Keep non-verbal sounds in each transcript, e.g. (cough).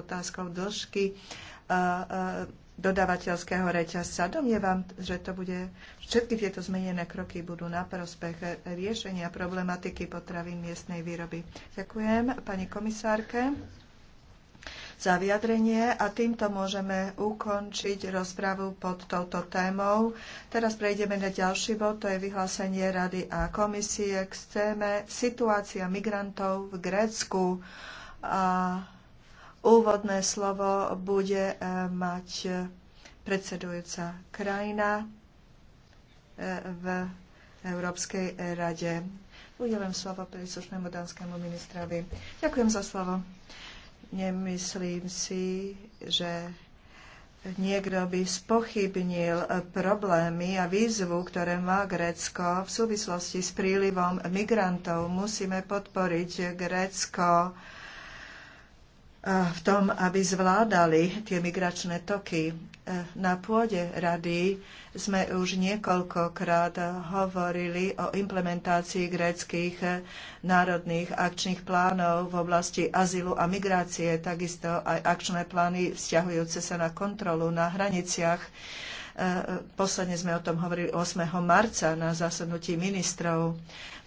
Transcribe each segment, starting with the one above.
otázkou dĺžky e, e, dodávateľského reťazca. Domnievam, že to bude, všetky tieto zmenené kroky budú na prospech riešenia problematiky potravín miestnej výroby. Ďakujem pani komisárke za vyjadrenie a týmto môžeme ukončiť rozpravu pod touto témou. Teraz prejdeme na ďalší bod, to je vyhlásenie Rady a komisie k téme situácia migrantov v Grécku. A Úvodné slovo bude e, mať predsedujúca krajina e, v Európskej rade. Udelím slovo príslušnému dánskému ministrovi. Ďakujem za slovo. Nemyslím si, že niekto by spochybnil problémy a výzvu, ktoré má Grécko v súvislosti s prílivom migrantov. Musíme podporiť Grécko v tom, aby zvládali tie migračné toky. E, na pôde rady sme už niekoľkokrát hovorili o implementácii gréckých e, národných akčných plánov v oblasti azylu a migrácie, takisto aj akčné plány vzťahujúce sa na kontrolu na hraniciach. E, posledne sme o tom hovorili 8. marca na zasadnutí ministrov.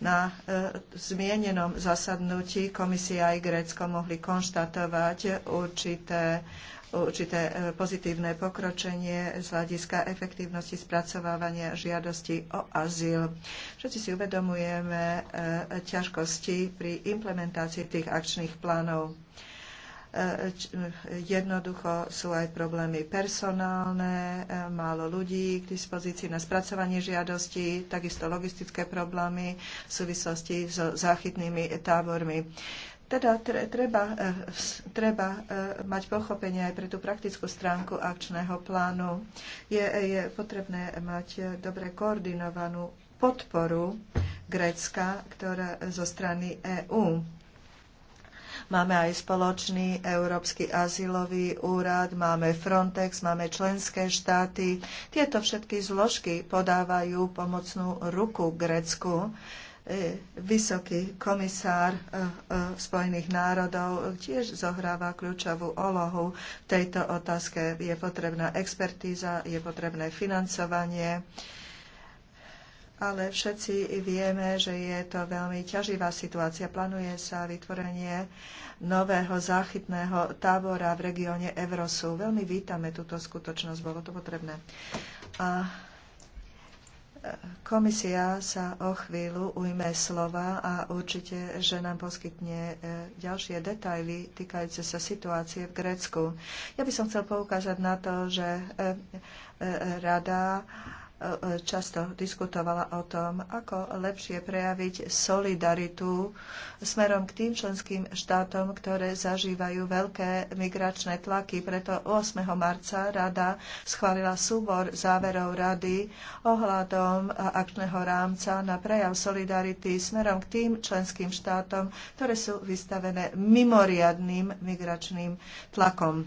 Na e, zmienenom zasadnutí komisia aj Grécko mohli konštatovať určité určité e, pozitívne pokročenie z hľadiska efektívnosti spracovávania žiadosti o azyl. Všetci si uvedomujeme ťažkosti pri implementácii tých akčných plánov. E, jednoducho sú aj problémy personálne, e, málo ľudí k dispozícii na spracovanie žiadostí, takisto logistické problémy v súvislosti so záchytnými tábormi. Teda treba, e, treba mať pochopenie aj pre tú praktickú stránku akčného plánu. Je, je potrebné mať dobre koordinovanú podporu Grécka ktorá, zo strany EÚ Máme aj spoločný Európsky azylový úrad, máme Frontex, máme členské štáty. Tieto všetky zložky podávajú pomocnú ruku Grécku e, vysoký komisár e, e, Spojených národov tiež zohráva kľúčovú olohu v tejto otázke. Je potrebná expertíza, je potrebné financovanie ale všetci vieme, že je to veľmi ťaživá situácia. Plánuje sa vytvorenie nového záchytného tábora v regióne Evrosu. Veľmi vítame túto skutočnosť, bolo to potrebné. A e, Komisia sa o chvíľu ujme slova a určite, že nám poskytne e, ďalšie detaily týkajúce sa situácie v Grécku. Ja by som chcel poukázať na to, že e, rada E, často diskutovala o tom, ako lepšie prejaviť solidaritu smerom k tým členským štátom, ktoré zažívajú veľké migračné tlaky. Preto 8. marca rada schválila súbor záverov rady ohľadom akčného rámca na prejav solidarity smerom k tým členským štátom, ktoré sú vystavené mimoriadným migračným tlakom.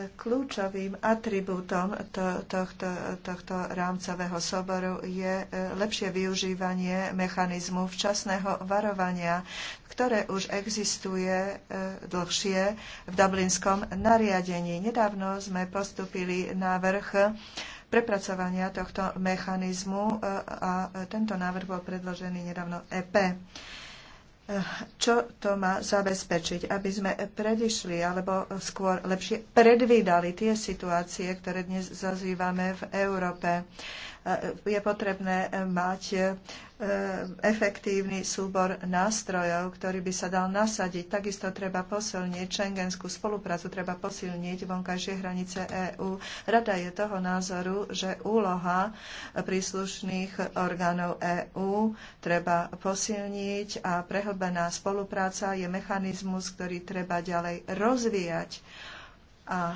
Kľúčovým atribútom to, tohto, tohto rámcového soboru je e, lepšie využívanie mechanizmu včasného varovania, ktoré už existuje e, dlhšie v Dublinskom nariadení. Nedávno sme postupili návrh prepracovania tohto mechanizmu e, a tento návrh bol predložený nedávno EP čo to má zabezpečiť, aby sme predišli alebo skôr lepšie predvídali tie situácie, ktoré dnes zazývame v Európe je potrebné eh, mať eh, efektívny súbor nástrojov, ktorý by sa dal nasadiť. Takisto treba posilniť šengenskú spoluprácu, treba posilniť vonkajšie hranice EÚ. Rada je toho názoru, že úloha eh, príslušných orgánov EÚ treba posilniť a prehlbená spolupráca je mechanizmus, ktorý treba ďalej rozvíjať. A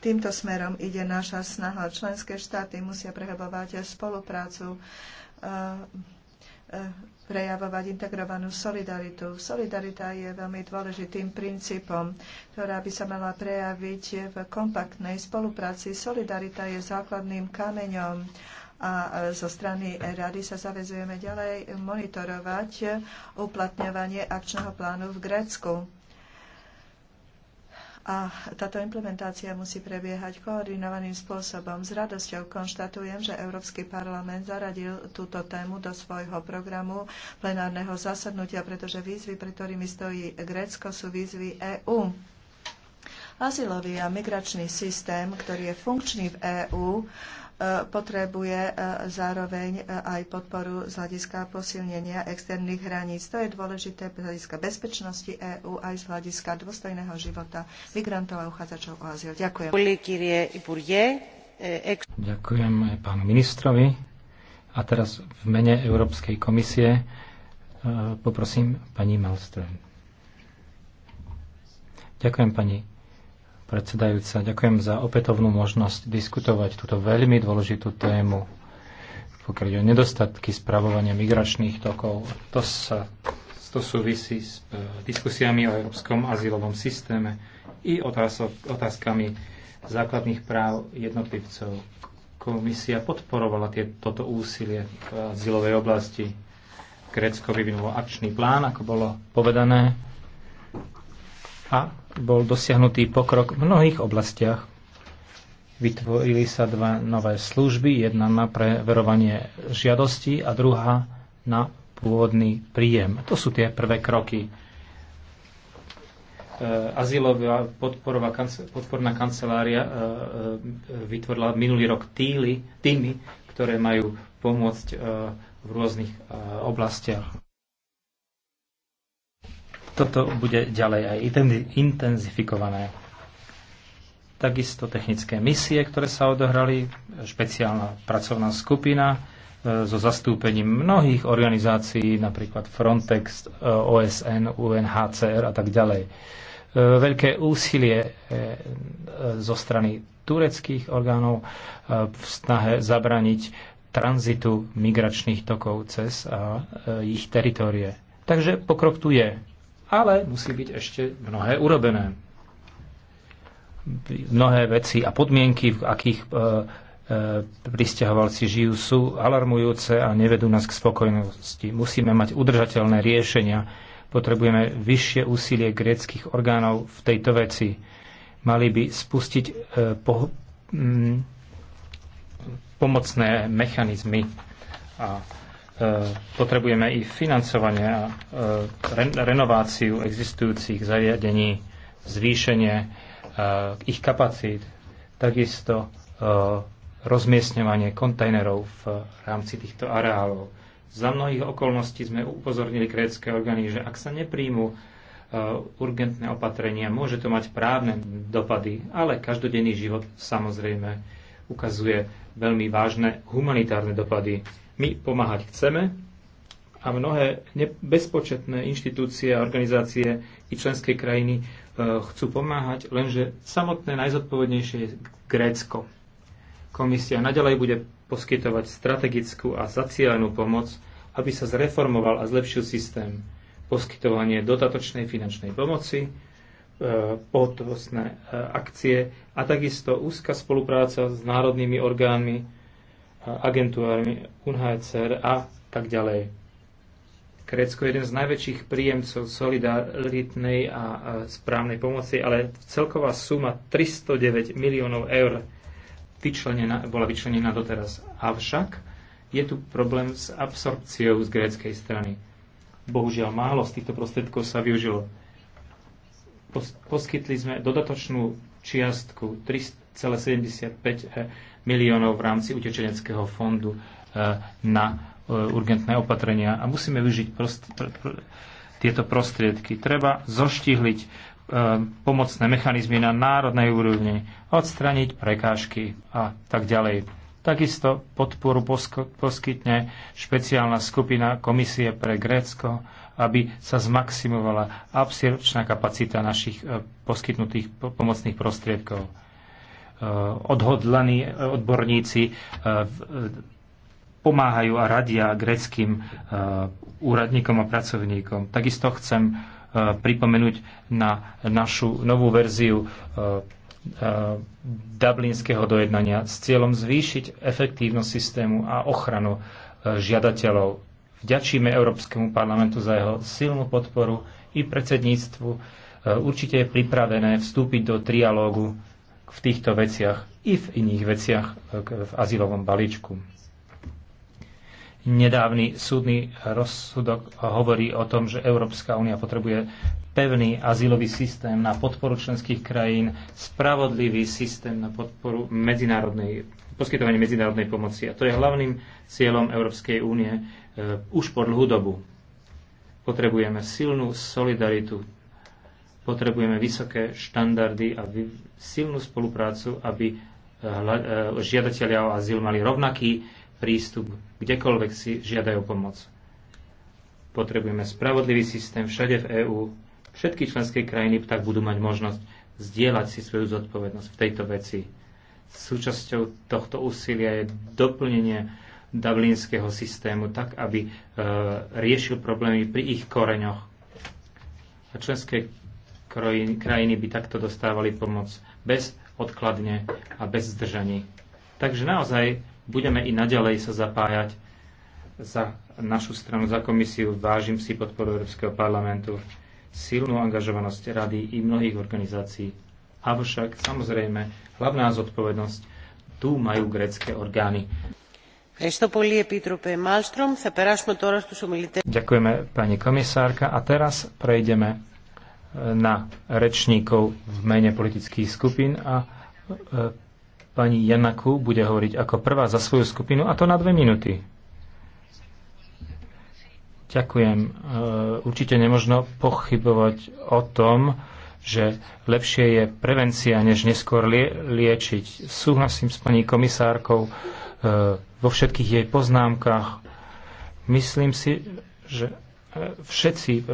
Týmto smerom ide naša snaha. Členské štáty musia prehľadovať spoluprácu e, e, prejavovať integrovanú solidaritu. Solidarita je veľmi dôležitým princípom, ktorá by sa mala prejaviť v kompaktnej spolupráci. Solidarita je základným kameňom a zo strany rady sa zavezujeme ďalej monitorovať uplatňovanie akčného plánu v Grécku a táto implementácia musí prebiehať koordinovaným spôsobom. S radosťou konštatujem, že Európsky parlament zaradil túto tému do svojho programu plenárneho zasadnutia, pretože výzvy, pre ktorými stojí Grécko, sú výzvy EÚ. Azylový a migračný systém, ktorý je funkčný v EÚ, e, potrebuje e, zároveň e, aj podporu z hľadiska posilnenia externých hraníc. To je dôležité z hľadiska bezpečnosti EÚ aj z hľadiska dôstojného života migrantov a uchádzačov o azyl. Ďakujem. Ďakujem pánu ministrovi. A teraz v mene Európskej komisie poprosím pani Malström. Ďakujem pani predsedajúca. Ďakujem za opätovnú možnosť diskutovať túto veľmi dôležitú tému, pokiaľ ide o nedostatky spravovania migračných tokov. To, sa, to súvisí s e, diskusiami o európskom azylovom systéme i otázok, otázkami základných práv jednotlivcov. Komisia podporovala tie, toto úsilie v azylovej oblasti. Grécko vyvinulo akčný plán, ako bolo povedané a bol dosiahnutý pokrok v mnohých oblastiach. Vytvorili sa dva nové služby, jedna na preverovanie žiadosti a druhá na pôvodný príjem. To sú tie prvé kroky. E, azylová podporová, podporná kancelária e, e, vytvorila minulý rok týly, týmy, ktoré majú pomôcť v rôznych oblastiach. Toto bude ďalej aj intenzifikované. Takisto technické misie, ktoré sa odohrali, špeciálna pracovná skupina e, so zastúpením mnohých organizácií, napríklad Frontex, e, OSN, UNHCR a tak ďalej. E, veľké úsilie zo strany tureckých orgánov v snahe zabraniť tranzitu migračných tokov cez ich teritorie. Takže pokrok tu je ale musí byť ešte mnohé urobené. Mnohé veci a podmienky, v akých e, e, pristahovalci žijú, sú alarmujúce a nevedú nás k spokojnosti. Musíme mať udržateľné riešenia. Potrebujeme vyššie úsilie gréckých orgánov v tejto veci. Mali by spustiť e, po, m, mm, pomocné mechanizmy a Eh, potrebujeme i financovanie a eh, renováciu existujúcich zariadení, zvýšenie eh, ich kapacít, takisto rozmiestňovanie kontajnerov v rámci týchto areálov. Za mnohých okolností sme upozornili krécké orgány, že ak sa nepríjmu urgentné opatrenia, môže to mať právne dopady, ale každodenný život samozrejme ukazuje veľmi vážne humanitárne dopady my pomáhať chceme a mnohé bezpočetné inštitúcie a organizácie i členské krajiny e, chcú pomáhať, lenže samotné najzodpovednejšie je Grécko. Komisia nadalej bude poskytovať strategickú a zacielenú pomoc, aby sa zreformoval a zlepšil systém poskytovanie dodatočnej finančnej pomoci, e, pohotovostné e, akcie a takisto úzka spolupráca s národnými orgánmi agentúrami UNHCR a tak ďalej. Grécko je jeden z najväčších príjemcov solidaritnej a správnej pomoci, ale celková suma 309 miliónov eur vyčlenená, bola vyčlenená doteraz. Avšak je tu problém s absorpciou z gréckej strany. Bohužiaľ, málo z týchto prostriedkov sa využilo. Poskytli sme dodatočnú čiastku 300 1,75 miliónov v rámci utečeneckého fondu e, na e, urgentné opatrenia a musíme využiť prost, pr, pr, tieto prostriedky. Treba zoštihliť e, pomocné mechanizmy na národnej úrovni, odstraniť prekážky a tak ďalej. Takisto podporu poskytne špeciálna skupina Komisie pre Grécko, aby sa zmaximovala absorpčná kapacita našich e, poskytnutých pomocných prostriedkov Eh, odhodlaní odborníci eh, eh, pomáhajú a radia greckým úradníkom a pracovníkom. Takisto chcem pripomenúť na našu novú verziu dublinského dojednania s cieľom zvýšiť efektívnosť systému a ochranu žiadateľov. Vďačíme Európskemu parlamentu za jeho silnú podporu i predsedníctvu. Určite je pripravené vstúpiť do trialógu v týchto veciach i v iných veciach e, v azylovom balíčku. Nedávny súdny rozsudok hovorí o tom, že Európska únia potrebuje pevný azylový systém na podporu členských krajín, spravodlivý systém na podporu medzinárodnej, poskytovanie medzinárodnej pomoci. A to je hlavným cieľom Európskej únie e, už po dlhú dobu. Potrebujeme silnú solidaritu Potrebujeme vysoké štandardy a silnú spoluprácu, aby eh, eh, žiadatelia o azyl mali rovnaký prístup, kdekoľvek si žiadajú pomoc. Potrebujeme spravodlivý systém všade v EÚ. Všetky členské krajiny tak budú mať možnosť zdieľať si svoju zodpovednosť v tejto veci. Súčasťou tohto úsilia je doplnenie dublinského systému tak, aby e, riešil problémy pri ich koreňoch. A členské krajiny by takto dostávali pomoc bez odkladne a bez zdržaní. Takže naozaj budeme i naďalej sa zapájať za našu stranu, za komisiu. Vážim si podporu Európskeho parlamentu, silnú angažovanosť rady i mnohých organizácií. Avšak, samozrejme, hlavná zodpovednosť tu majú grecké orgány. Ďakujeme, pani komisárka. A teraz prejdeme na rečníkov v mene politických skupín a e, pani Janaku bude hovoriť ako prvá za svoju skupinu a to na dve minúty. Ďakujem. E, určite nemožno pochybovať o tom, že lepšie je prevencia, než neskôr lie- liečiť. Súhlasím s pani komisárkou e, vo všetkých jej poznámkach. Myslím si, že všetci,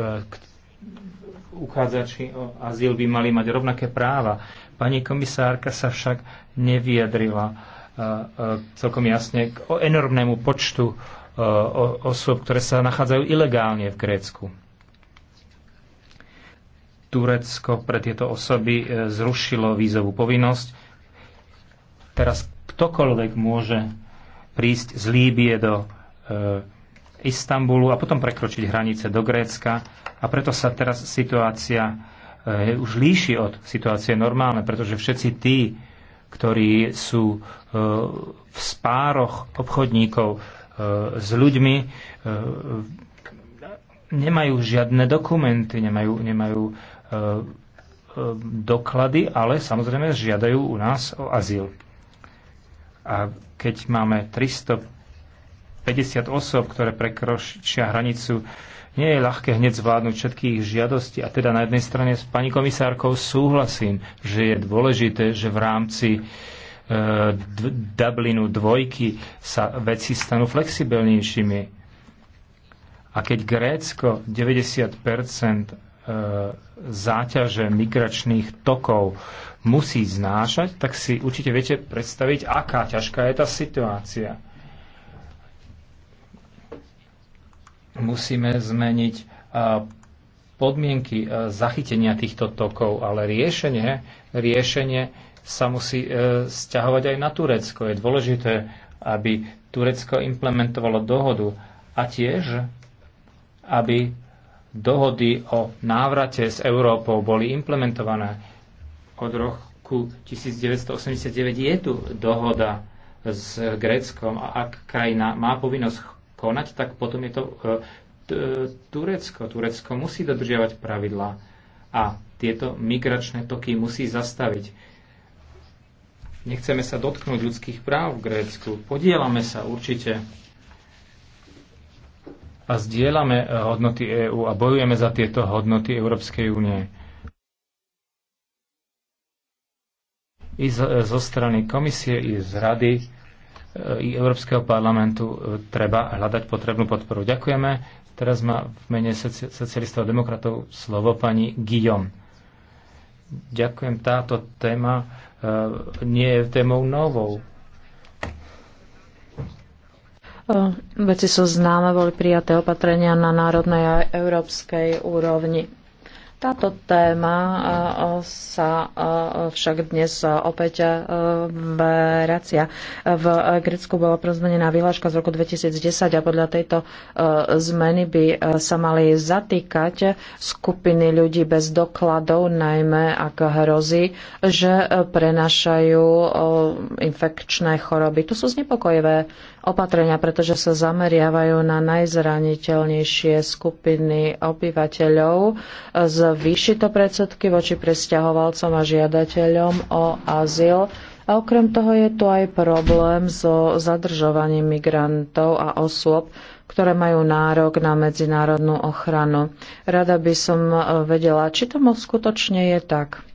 uchádzači o azyl by mali mať rovnaké práva. Pani komisárka sa však nevyjadrila e, e, celkom jasne k enormnému počtu e, osôb, ktoré sa nachádzajú ilegálne v Grécku. Turecko pre tieto osoby zrušilo vízovú povinnosť. Teraz ktokoľvek môže prísť z Líbie do Istanbulu a potom prekročiť hranice do Grécka. A preto sa teraz situácia e, už líši od situácie normálne, pretože všetci tí, ktorí sú e, v spároch obchodníkov e, s ľuďmi, e, nemajú žiadne dokumenty, nemajú, nemajú e, e, doklady, ale samozrejme žiadajú u nás o azyl. A keď máme 300 50 osob, ktoré prekročia hranicu, nie je ľahké hneď zvládnuť všetky ich žiadosti. A teda na jednej strane s pani komisárkou súhlasím, že je dôležité, že v rámci e, Dublinu dvojky sa veci stanú flexibilnejšími. A keď Grécko 90 e, záťaže migračných tokov musí znášať, tak si určite viete predstaviť, aká ťažká je tá situácia. Musíme zmeniť podmienky zachytenia týchto tokov, ale riešenie, riešenie sa musí sťahovať e, aj na Turecko. Je dôležité, aby Turecko implementovalo dohodu a tiež, aby dohody o návrate s Európou boli implementované. Od roku 1989 je tu dohoda s Gréckom a ak krajina má povinnosť konať, tak potom je to e, e, Turecko. Turecko musí dodržiavať pravidlá a tieto migračné toky musí zastaviť. Nechceme sa dotknúť ľudských práv v Grécku. Podielame sa určite a zdieľame e, hodnoty EÚ a bojujeme za tieto hodnoty Európskej únie. I zo strany komisie, i z rady i Európskeho parlamentu e, treba hľadať potrebnú podporu. Ďakujeme. Teraz má v mene socialistov a demokratov slovo pani Guillaume. Ďakujem. Táto téma e, nie je témou novou. E, veci sú známe, boli prijaté opatrenia na národnej a európskej úrovni táto téma e, e, sa e, však dnes opäť vracia. V Grécku bola prozmenená vyhláška z roku 2010 a podľa tejto zmeny by sa mali zatýkať skupiny ľudí bez dokladov, najmä ak hrozí, že prenašajú infekčné choroby. To sú znepokojivé opatrenia, pretože sa zameriavajú na najzraniteľnejšie skupiny obyvateľov. Zvýši to predsudky voči presťahovalcom a žiadateľom o azyl. A okrem toho je tu aj problém so zadržovaním migrantov a osôb, ktoré majú nárok na medzinárodnú ochranu. Rada by som vedela, či tomu skutočne je tak.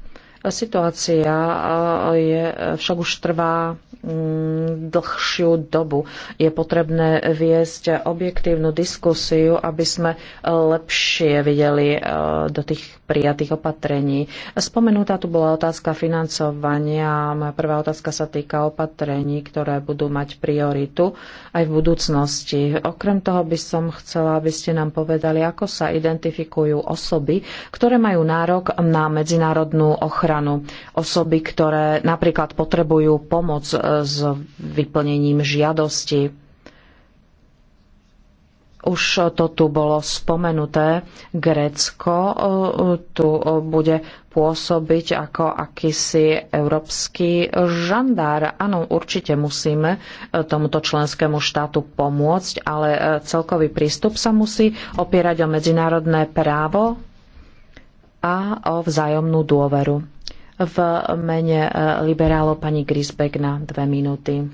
Situácia eh, je, eh, však už trvá mm, dlhšiu dobu. Je potrebné viesť objektívnu diskusiu, aby sme lepšie videli eh, do tých prijatých opatrení. Spomenutá tu bola otázka financovania. Moja prvá otázka sa týka opatrení, ktoré budú mať prioritu aj v budúcnosti. Okrem toho by som chcela, aby ste nám povedali, ako sa identifikujú osoby, ktoré majú nárok na medzinárodnú ochranu ochranu. Osoby, ktoré napríklad potrebujú pomoc e, s vyplnením žiadosti. Už to tu bolo spomenuté. Grécko e, tu e, bude pôsobiť ako akýsi európsky žandár. Áno, určite musíme tomuto členskému štátu pomôcť, ale celkový prístup sa musí opierať o medzinárodné právo a o vzájomnú dôveru v mene e, liberálov pani Grisbeck na dve minúty.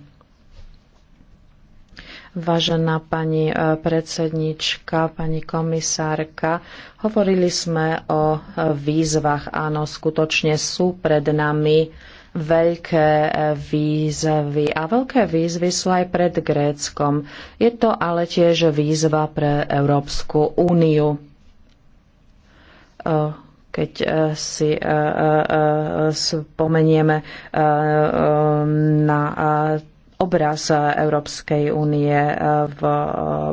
Vážená pani e, predsednička, pani komisárka, hovorili sme o e, výzvach. Áno, skutočne sú pred nami veľké výzvy. A veľké výzvy sú aj pred Gréckom. Je to ale tiež výzva pre Európsku úniu keď e, si e, e, spomenieme na obraz Európskej únie v,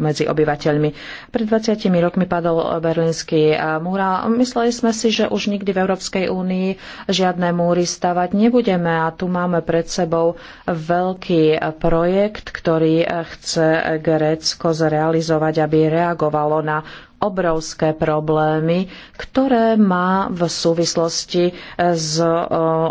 medzi obyvateľmi. Pred 20 rokmi padol berlínsky múr a mysleli sme si, že už nikdy v Európskej únii žiadne múry stavať nebudeme a tu máme pred sebou veľký projekt, ktorý chce Grécko zrealizovať, aby reagovalo na obrovské problémy, ktoré má v súvislosti e, s e,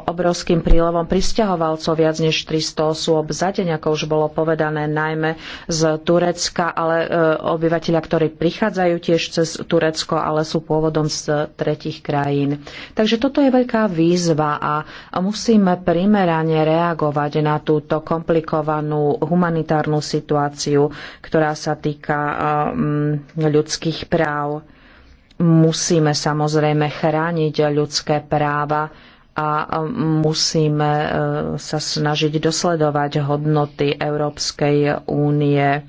obrovským prílevom pristahovalcov viac než 300 osôb za deň, ako už bolo povedané, najmä z Turecka, ale e, obyvateľia, ktorí prichádzajú tiež cez Turecko, ale sú pôvodom z tretich krajín. Takže toto je veľká výzva a musíme primerane reagovať na túto komplikovanú humanitárnu situáciu, ktorá sa týka ľudských práv práv. Musíme samozrejme chrániť ľudské práva a musíme e, sa snažiť dosledovať hodnoty Európskej únie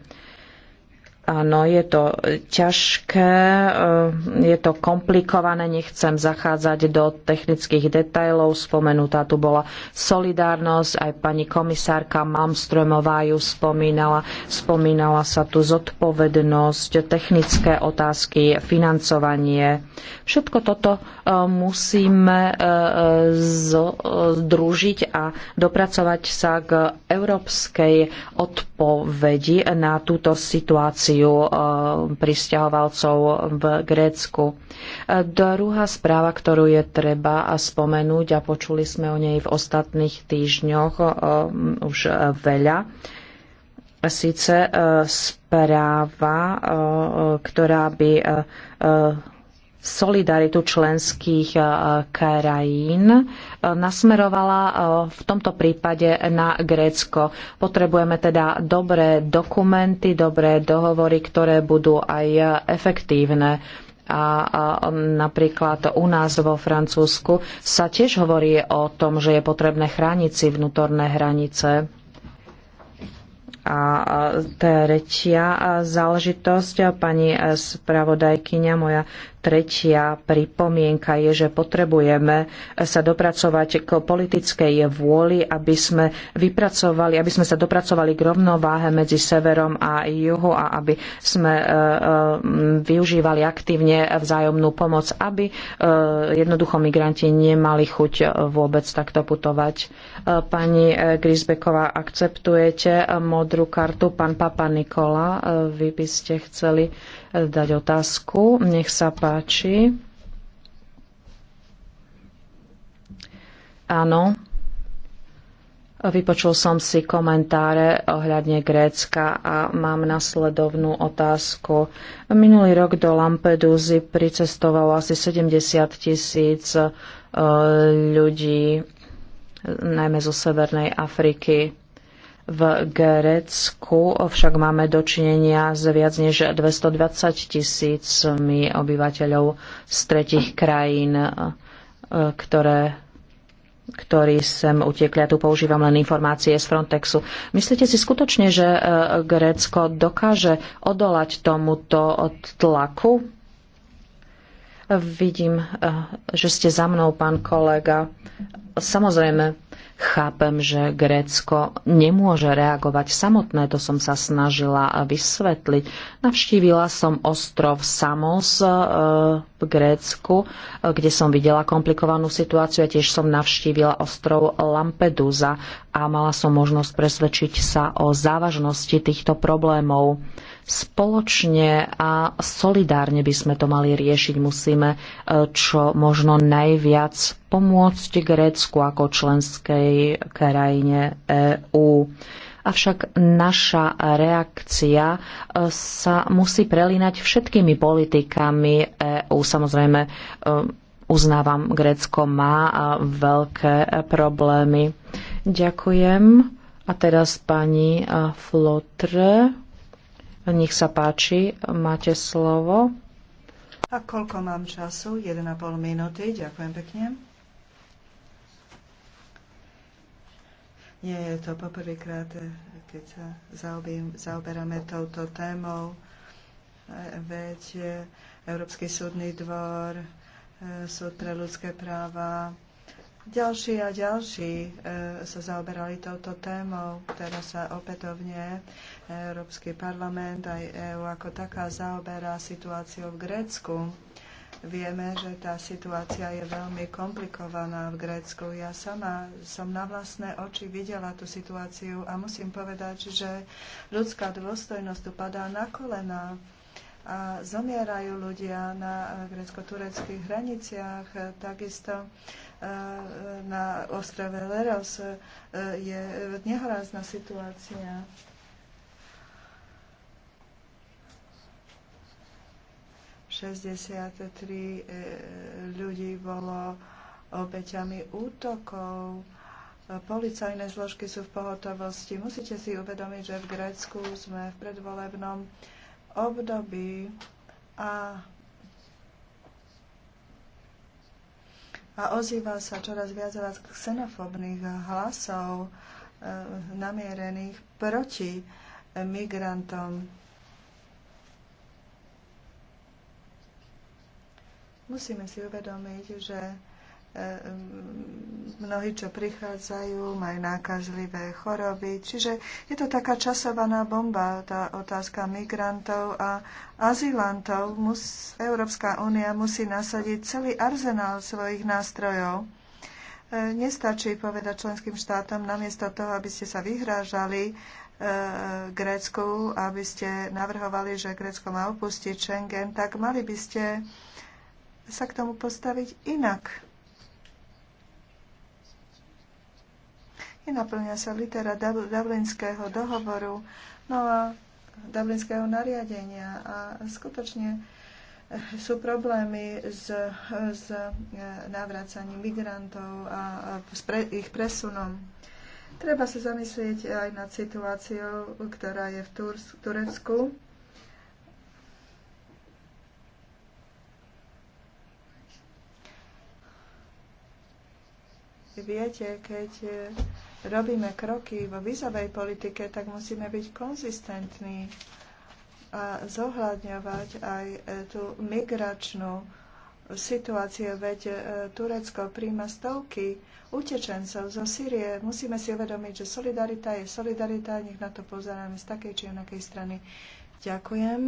Áno, je to ťažké, eh, je to komplikované, nechcem zachádzať do technických detajlov. Spomenutá tu bola solidárnosť, aj pani komisárka Malmströmová ju spomínala. Spomínala sa tu zodpovednosť, technické otázky, financovanie. Všetko toto eh, musíme eh, združiť a dopracovať sa k európskej odpovedi na túto situáciu situáciu eh, pristahovalcov v Grécku. Eh, druhá správa, ktorú je treba spomenúť, a počuli sme o nej v ostatných týždňoch eh, už veľa, síce správa, ktorá by solidaritu členských e, krajín e, nasmerovala e, v tomto prípade na Grécko. Potrebujeme teda dobré dokumenty, dobré dohovory, ktoré budú aj efektívne a, napríklad u nás vo Francúzsku sa tiež hovorí o tom, že je potrebné chrániť si vnútorné hranice. A tretia záležitosť, pani spravodajkyňa, moja Tretia pripomienka je, že potrebujeme sa dopracovať k politickej vôli, aby sme vypracovali, aby sme sa dopracovali k rovnováhe medzi severom a juhu a aby sme e, e, využívali aktívne vzájomnú pomoc, aby e, jednoducho migranti nemali chuť vôbec takto putovať. Pani Grisbeková, akceptujete modrú kartu? Pán Papa Nikola, vy by ste chceli dať otázku. Nech sa páči páči. Áno. Vypočul som si komentáre ohľadne Grécka a mám nasledovnú otázku. Minulý rok do Lampedusy pricestovalo asi 70 tisíc eh, ľudí, najmä zo Severnej Afriky. V Grécku však máme dočinenia s viac než 220 tisícmi obyvateľov z tretich krajín, e, ktoré ktorí sem utekli. Ja tu používam len informácie z Frontexu. Myslíte si skutočne, že e, Grécko dokáže odolať tomuto tlaku? Vidím, e, že ste za mnou, pán kolega. Samozrejme, Chápem, že Grécko nemôže reagovať samotné, to som sa snažila vysvetliť. Navštívila som ostrov Samos e, v Grécku, e, kde som videla komplikovanú situáciu a tiež som navštívila ostrov Lampedusa a mala som možnosť presvedčiť sa o závažnosti týchto problémov. Spoločne a solidárne by sme to mali riešiť. Musíme e, čo možno najviac pomôcť Grécku ako členskej krajine EÚ. Avšak naša reakcia e, sa musí prelínať všetkými politikami EÚ. Samozrejme, e, uznávam, Grécko má veľké problémy. Ďakujem. A teraz pani Flotre. Nech sa páči, máte slovo. A koľko mám času? 1,5 minúty. Ďakujem pekne. Nie je to poprvýkrát, eh, keď sa zaobím, zaoberáme touto témou. Eh, veď eh, Európsky súdny dvor, súd pre ľudské práva, ďalší a ďalší e, sa zaoberali touto témou. ktorá teda sa opätovne Európsky parlament aj EÚ ako taká zaoberá situáciou v Grécku. Vieme, že tá situácia je veľmi komplikovaná v Grécku. Ja sama som na vlastné oči videla tú situáciu a musím povedať, že ľudská dôstojnosť tu padá na kolena a zomierajú ľudia na grecko-tureckých hraniciach. Takisto na ostrove Leros je nehorázna situácia. 63 e, ľudí bolo obeťami útokov. Policajné zložky sú v pohotovosti. Musíte si uvedomiť, že v Grécku sme v predvolebnom období a a ozýva sa čoraz viac a viac xenofobných hlasov e, namierených proti migrantom. Musíme si uvedomiť, že mnohí, čo prichádzajú, majú nákazlivé choroby. Čiže je to taká časovaná bomba, tá otázka migrantov a azylantov. Mus, Európska únia musí nasadiť celý arzenál svojich nástrojov. E, nestačí povedať členským štátom, namiesto toho, aby ste sa vyhrážali, e, Grécku, aby ste navrhovali, že Grécko má opustiť Schengen, tak mali by ste sa k tomu postaviť inak. i naplňa sa litera Dublinského dohovoru, no a Dublinského nariadenia a skutočne eh, sú problémy s, eh, s eh, navracaním migrantov a s pre, ich presunom. Treba sa zamyslieť aj nad situáciou, ktorá je v Turecku. Viete, keď robíme kroky vo vizovej politike, tak musíme byť konzistentní a zohľadňovať aj e, tú migračnú situáciu. Veď e, Turecko príjma stovky utečencov zo Syrie. Musíme si uvedomiť, že solidarita je solidarita. Nech na to pozeráme z takej či onakej strany. Ďakujem.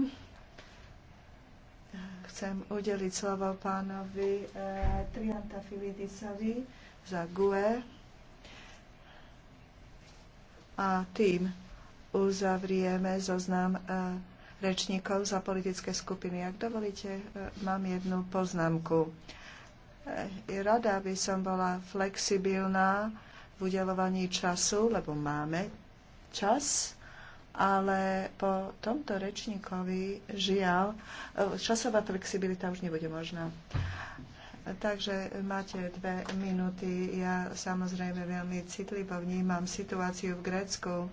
Chcem udeliť slovo pánovi e, Trianta Filidisovi za GUE a tým uzavrieme zoznam e, rečníkov za politické skupiny. Ak dovolíte, e, mám jednu poznámku. E, rada by som bola flexibilná v udelovaní času, lebo máme čas, ale po tomto rečníkovi žiaľ, časová flexibilita už nebude možná. Takže máte dve minúty. Ja samozrejme veľmi citlivo vnímam situáciu v Grécku. E,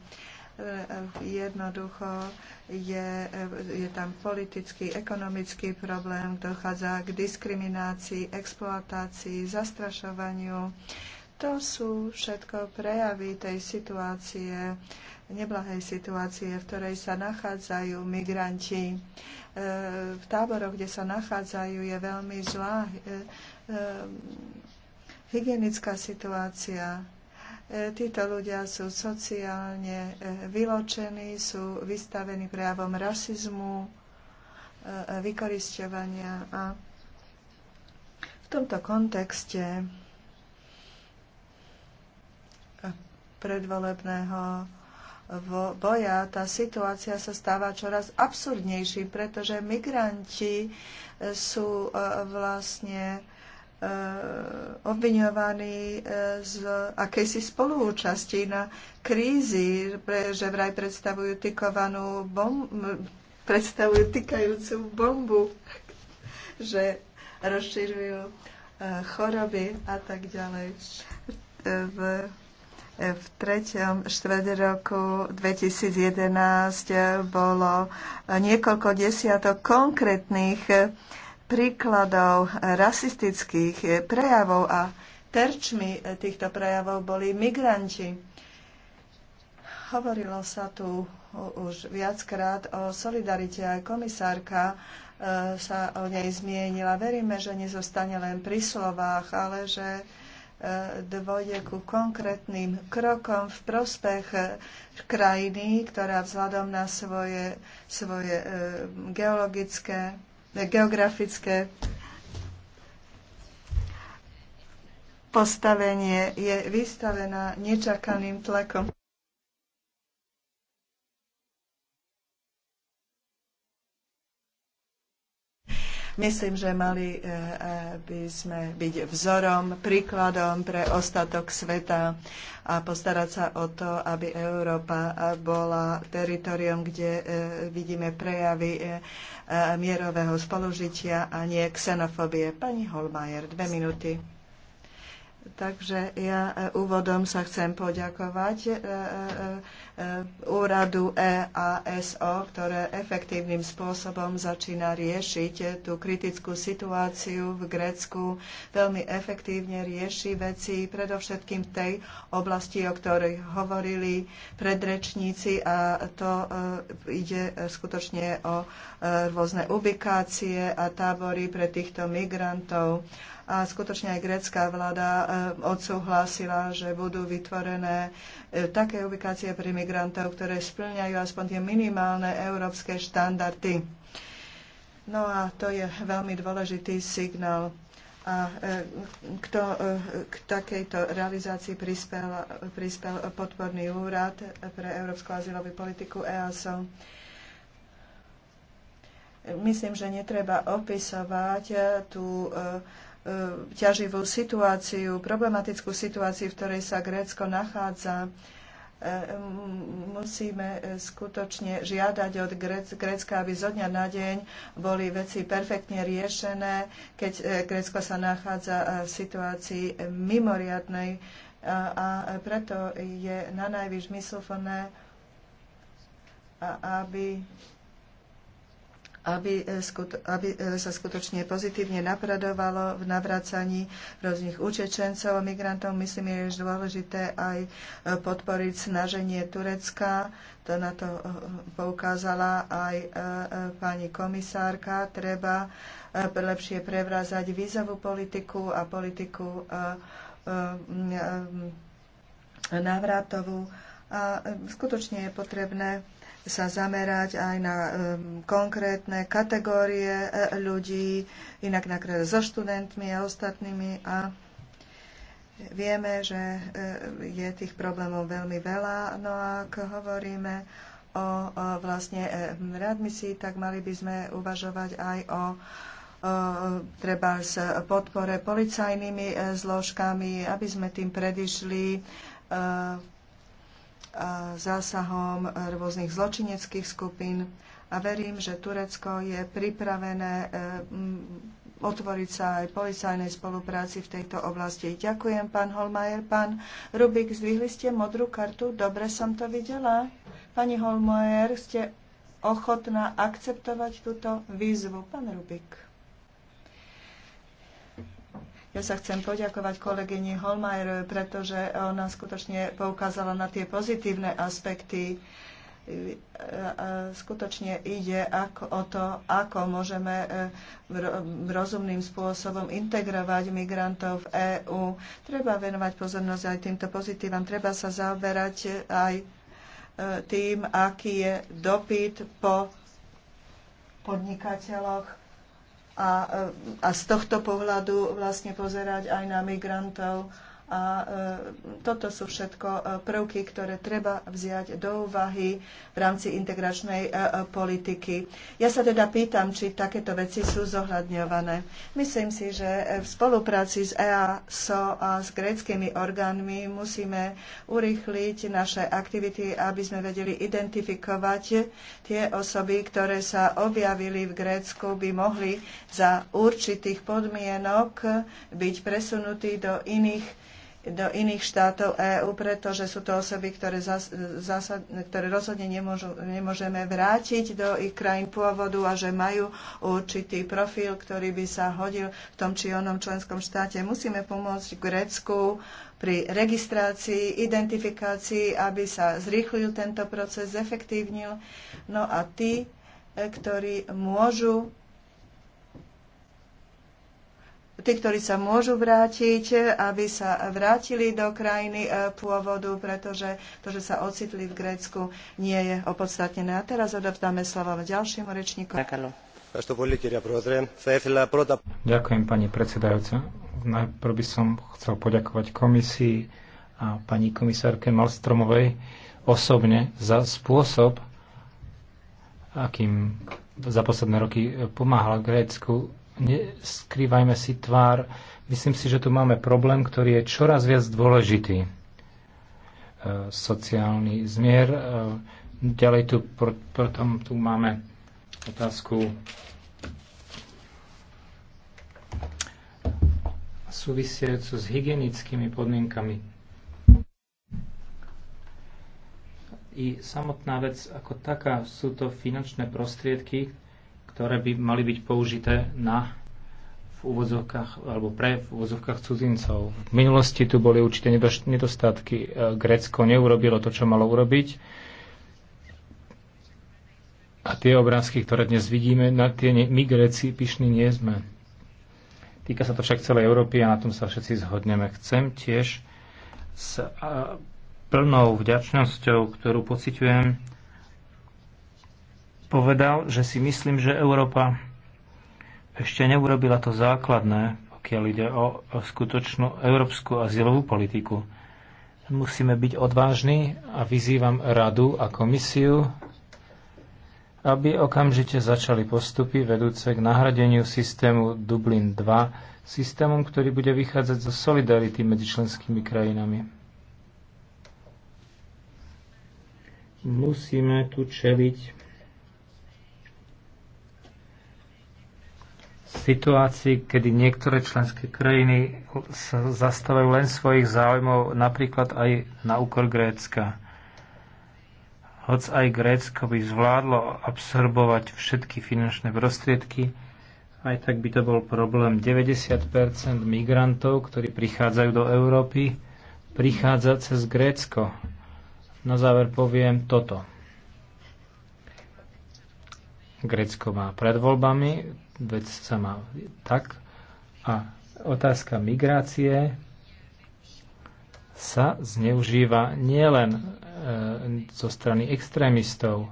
jednoducho je, e, je tam politický, ekonomický problém, dochádza k diskriminácii, exploatácii, zastrašovaniu. To sú všetko prejavy tej situácie neblahej situácie, v ktorej sa nachádzajú migranti. E, v táboroch, kde sa nachádzajú, je veľmi zlá e, e, hygienická situácia. Títo ľudia sú sociálne vyločení, sú vystavení prejavom rasizmu, vykoristovania a v tomto kontexte predvolebného boja, tá situácia sa stáva čoraz absurdnejší, pretože migranti e, sú e, vlastne e, obviňovaní z akejsi spoluúčasti na krízi, že vraj predstavujú tykovanú bombu, predstavujú tykajúcu bombu, (laughs) že rozširujú choroby a tak ďalej v treťom štvrť roku 2011 bolo niekoľko desiatok konkrétnych príkladov rasistických prejavov a terčmi týchto prejavov boli migranti. Hovorilo sa tu už viackrát o solidarite aj komisárka e, sa o nej zmienila. Veríme, že nezostane len pri slovách, ale že dôjde ku konkrétnym krokom v prospech e, krajiny, ktorá vzhľadom na svoje, svoje e, geologické, e, geografické postavenie je vystavená nečakaným tlakom. Myslím, že mali eh, eh, by sme byť vzorom, príkladom pre ostatok sveta a postarať sa o to, aby Európa eh, bola teritorium, kde vidíme prejavy mierového spolužitia a nie xenofobie. Pani Holmajer, dve minúty. Takže ja e, úvodom sa chcem poďakovať e, e, úradu EASO, ktoré efektívnym spôsobom začína riešiť tú kritickú situáciu v Grécku. Veľmi efektívne rieši veci, predovšetkým v tej oblasti, o ktorej hovorili predrečníci a to ide skutočne o rôzne ubikácie a tábory pre týchto migrantov a skutočne aj grécka vláda e, odsúhlasila, že budú vytvorené e, také ubikácie pre migrantov, ktoré splňajú aspoň tie minimálne európske štandardy. No a to je veľmi dôležitý signál. A e, kto k takejto realizácii prispel, prispel podporný úrad pre Európsku azylovú politiku EASO? Myslím, že netreba opisovať tú E, ťaživú situáciu, problematickú situáciu, v ktorej sa Grécko nachádza. E, musíme e, skutočne žiadať od Grécka, aby zo dňa na deň boli veci perfektne riešené, keď Grécko sa nachádza v situácii mimoriadnej a preto je na najvyš zmysluplné, aby aby, e, e, sa skutočne pozitívne napredovalo v navracaní rôznych učečencov a migrantov. Myslím, je dôležité aj e, podporiť snaženie Turecka. To na to poukázala aj pani komisárka. Treba lepšie prevrázať vízovú politiku a politiku návratovú. A skutočne je potrebné sa zamerať aj na konkrétne kategórie e, ľudí, inak nakryť so študentmi a ostatnými. A vieme, že e, je tých problémov veľmi veľa. No a ak hovoríme o, o vlastne e, readmisii, tak mali by sme uvažovať aj o treba s podpore policajnými zložkami, aby sme tým predišli zásahom rôznych zločineckých skupín a verím, že Turecko je pripravené e, otvoriť sa aj policajnej spolupráci v tejto oblasti. Ďakujem, pán Holmajer. Pán Rubik, zdvihli ste modrú kartu? Dobre som to videla. Pani Holmajer, ste ochotná akceptovať túto výzvu? Pán Rubik. Ja sa chcem poďakovať kolegyni Holmajer, pretože ona skutočne poukázala na tie pozitívne aspekty. E, e, skutočne ide ako o to, ako môžeme e, rozumným spôsobom integrovať migrantov v EÚ. Treba venovať pozornosť aj týmto pozitívam. Treba sa zaoberať aj tým, aký je dopyt po podnikateľoch a, e, a z tohto pohľadu vlastne pozerať aj na migrantov a e, toto sú všetko e, prvky, ktoré treba vziať do úvahy v rámci integračnej e, politiky. Ja sa teda pýtam, či takéto veci sú zohľadňované. Myslím si, že v spolupráci s EASO a s gréckými orgánmi musíme urýchliť naše aktivity, aby sme vedeli identifikovať tie osoby, ktoré sa objavili v Grécku, by mohli za určitých podmienok byť presunutí do iných do iných štátov EÚ, pretože sú to osoby, ktoré, zas, zásad, ktoré rozhodne nemôžu, nemôžeme vrátiť do ich krajín pôvodu a že majú určitý profil, ktorý by sa hodil v tom či onom členskom štáte. Musíme pomôcť Grécku pri registrácii, identifikácii, aby sa zrýchlil tento proces, zefektívnil. No a tí, e, ktorí môžu tí, ktorí sa môžu vrátiť, aby sa vrátili do krajiny e, pôvodu, pretože to, že sa ocitli v Grécku, nie je opodstatnené. A teraz odovzdáme slovo ďalšiemu rečníku. Ďakujem, pani predsedajúca. Najprv by som chcel poďakovať komisii a pani komisárke Malstromovej osobne za spôsob, akým za posledné roky pomáhala Grécku neskrývajme si tvár. Myslím si, že tu máme problém, ktorý je čoraz viac dôležitý. E, sociálny zmier. E, ďalej tu, potom tu máme otázku súvisiacu s hygienickými podmienkami. I samotná vec ako taká sú to finančné prostriedky, ktoré by mali byť použité na v úvozovkách, alebo pre v úvozovkách cudzincov. V minulosti tu boli určité nedostatky. E, Grécko neurobilo to, čo malo urobiť. A tie obrázky, ktoré dnes vidíme, na tie my Gréci pyšní nie sme. Týka sa to však celej Európy a na tom sa všetci zhodneme. Chcem tiež s plnou vďačnosťou, ktorú pociťujem povedal, že si myslím, že Európa ešte neurobila to základné, pokiaľ ide o, o skutočnú európsku azylovú politiku. Musíme byť odvážni a vyzývam radu a komisiu, aby okamžite začali postupy vedúce k nahradeniu systému Dublin 2 systémom, ktorý bude vychádzať zo solidarity medzi členskými krajinami. Musíme tu čeliť situácii, kedy niektoré členské krajiny sa zastávajú len svojich záujmov, napríklad aj na úkor Grécka. Hoc aj Grécko by zvládlo absorbovať všetky finančné prostriedky, aj tak by to bol problém. 90 migrantov, ktorí prichádzajú do Európy, prichádza cez Grécko. Na záver poviem toto. Grécko má pred voľbami vec sa má tak. A otázka migrácie sa zneužíva nielen e, zo strany extrémistov,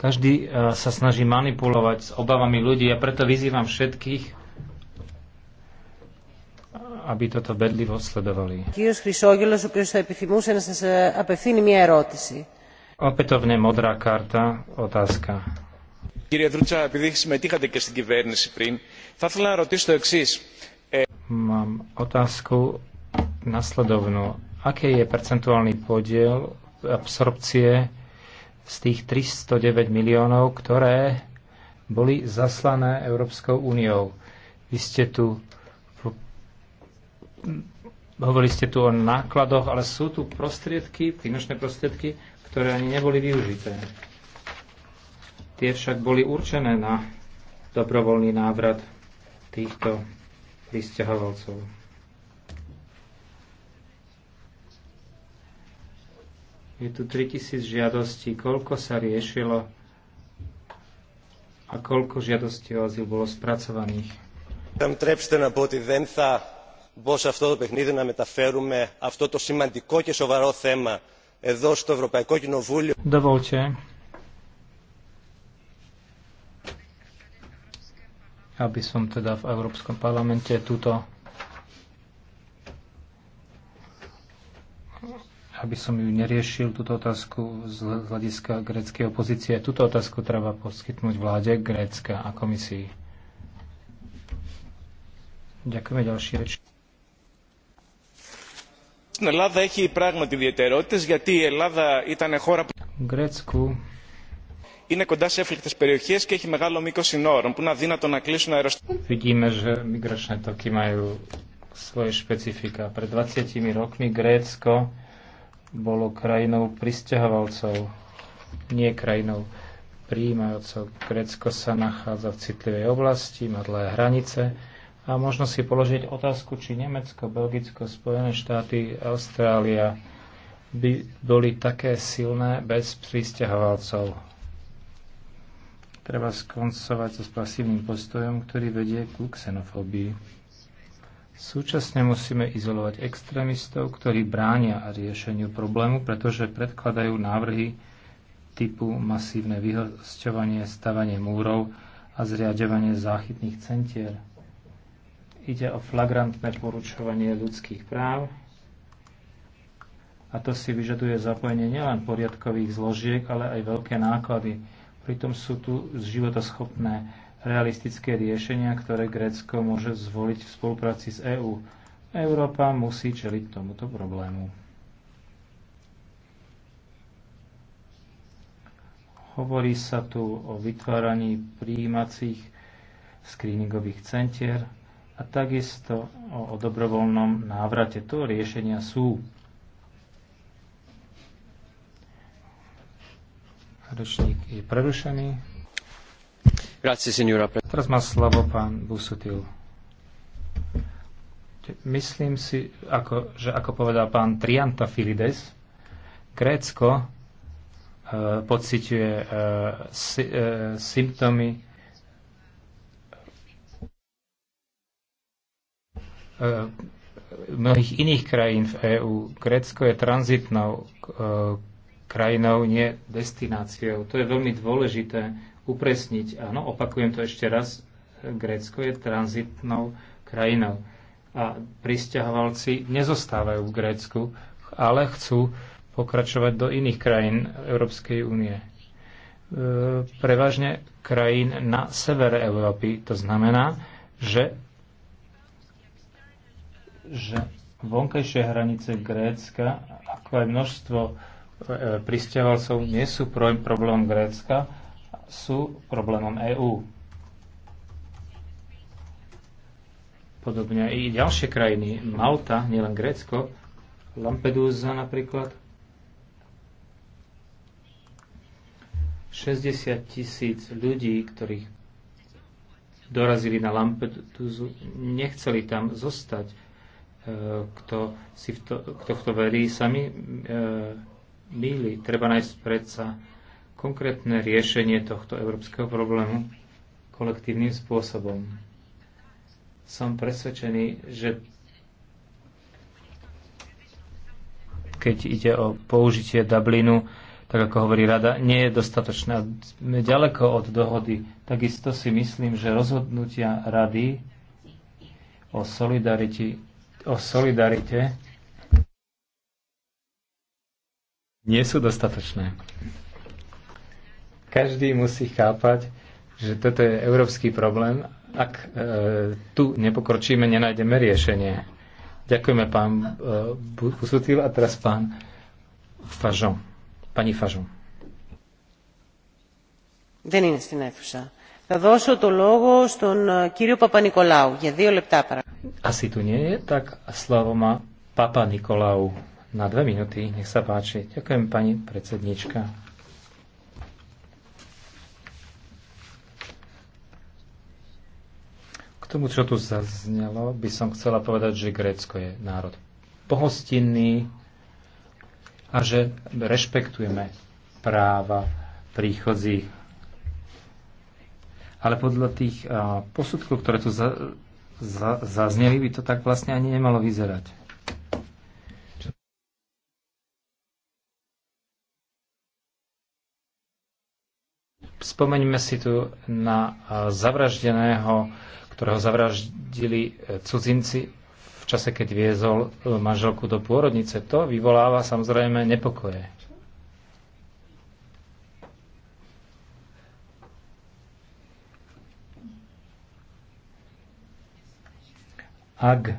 Každý e, sa snaží manipulovať s obavami ľudí a preto vyzývam všetkých, aby toto bedlivo sledovali. Opätovne modrá karta, otázka. Κύριε Δρούτσα, επειδή συμμετείχατε και στην κυβέρνηση πριν, θα ήθελα να ρωτήσω το εξή. Mám otázku nasledovnú. Aký je percentuálny podiel absorpcie z tých 309 miliónov, ktoré boli zaslané Európskou úniou? Vy ste tu hovorili ste tu o nákladoch, ale sú tu prostriedky, finančné prostriedky, ktoré ani neboli využité. Tie však boli určené na dobrovoľný návrat týchto vysťahovalcov. Je tu 3000 žiadostí, koľko sa riešilo a koľko žiadostí o azyl bolo spracovaných. Tam trepšte na poti, venca, θα μπω σε αυτό το παιχνίδι να μεταφέρουμε αυτό το σημαντικό και σοβαρό θέμα εδώ Dovolte, aby som teda v Európskom parlamente túto aby som ju neriešil, túto otázku z hľadiska gréckej opozície. Túto otázku treba poskytnúť vláde Grécka a komisii. Ďakujeme ďalšie reči. Στην Ελλάδα έχει πράγματι ιδιαιτερότητε, γιατί η Ελλάδα ήταν χώρα που... Γκρέτσκου. Είναι κοντά σε έφλεκτε περιοχέ και έχει μεγάλο μήκο συνόρων που είναι αδύνατο να κλείσουν αεροστροφές. svoje špecifika. Pred 20 rokmi Grécko bolo krajinou pristahovalcov, nie krajinou príjmajúcov. Grécko sa nachádza v citlivej oblasti, má dlhé hranice, a možno si položiť otázku, či Nemecko, Belgicko, Spojené štáty, Austrália by boli také silné bez pristahovalcov. Treba skoncovať so pasívnym postojom, ktorý vedie ku xenofóbii. Súčasne musíme izolovať extrémistov, ktorí bránia riešeniu problému, pretože predkladajú návrhy typu masívne vyhosťovanie, stavanie múrov a zriadovanie záchytných centier. Ide o flagrantné poručovanie ľudských práv a to si vyžaduje zapojenie nielen poriadkových zložiek, ale aj veľké náklady. Pritom sú tu životoschopné realistické riešenia, ktoré Grécko môže zvoliť v spolupráci s EÚ. Európa musí čeliť tomuto problému. Hovorí sa tu o vytváraní príjímacích screeningových centier, a takisto o, o dobrovoľnom návrate. To riešenia sú. Rečník je prerušený. Grazie, signora. Teraz má slovo pán Busutil. Myslím si, ako, že ako povedal pán Trianta Filides, Grécko e, pociťuje e, sy, e, symptómy E, mnohých iných krajín v EÚ. Grécko je tranzitnou e, krajinou, nie destináciou. To je veľmi dôležité upresniť. Áno, opakujem to ešte raz. Grécko je tranzitnou krajinou. A pristahovalci nezostávajú v Grécku, ale chcú pokračovať do iných krajín Európskej únie. E, prevažne krajín na severe Európy. To znamená, že že vonkajšie hranice Grécka, ako aj množstvo e, pristiavalcov, nie sú problémom Grécka, sú problémom EÚ. Podobne i ďalšie krajiny, Malta, nielen Grécko, Lampedusa napríklad. 60 tisíc ľudí, ktorí dorazili na Lampedusu, nechceli tam zostať E, kto, si v to, kto v to verí, sami e, míli. Treba nájsť predsa konkrétne riešenie tohto európskeho problému kolektívnym spôsobom. Som presvedčený, že keď ide o použitie Dublinu, tak ako hovorí rada, nie je dostatočná. Sme ďaleko od dohody. Takisto si myslím, že rozhodnutia rady o solidarite o solidarite nie sú dostatočné. Každý musí chápať, že toto je európsky problém. Ak e, tu nepokročíme, nenájdeme riešenie. Ďakujeme pán e, Busutil a teraz pán Fažon. Pani Fažon. Δεν είναι στην αίθουσα. Θα δώσω το λόγο στον κύριο Παπα-Νικολάου για δύο λεπτά asi tu nie je, tak slovo má Papa Nikolau na dve minúty. Nech sa páči. Ďakujem, pani predsednička. K tomu, čo tu zaznelo, by som chcela povedať, že Grécko je národ pohostinný a že rešpektujeme práva príchodzích. Ale podľa tých posudkov, ktoré tu za, zazneli, by to tak vlastne ani nemalo vyzerať. Spomeňme si tu na zavraždeného, ktorého zavraždili e, cudzinci v čase, keď viezol e, manželku do pôrodnice. To vyvoláva samozrejme nepokoje. Ak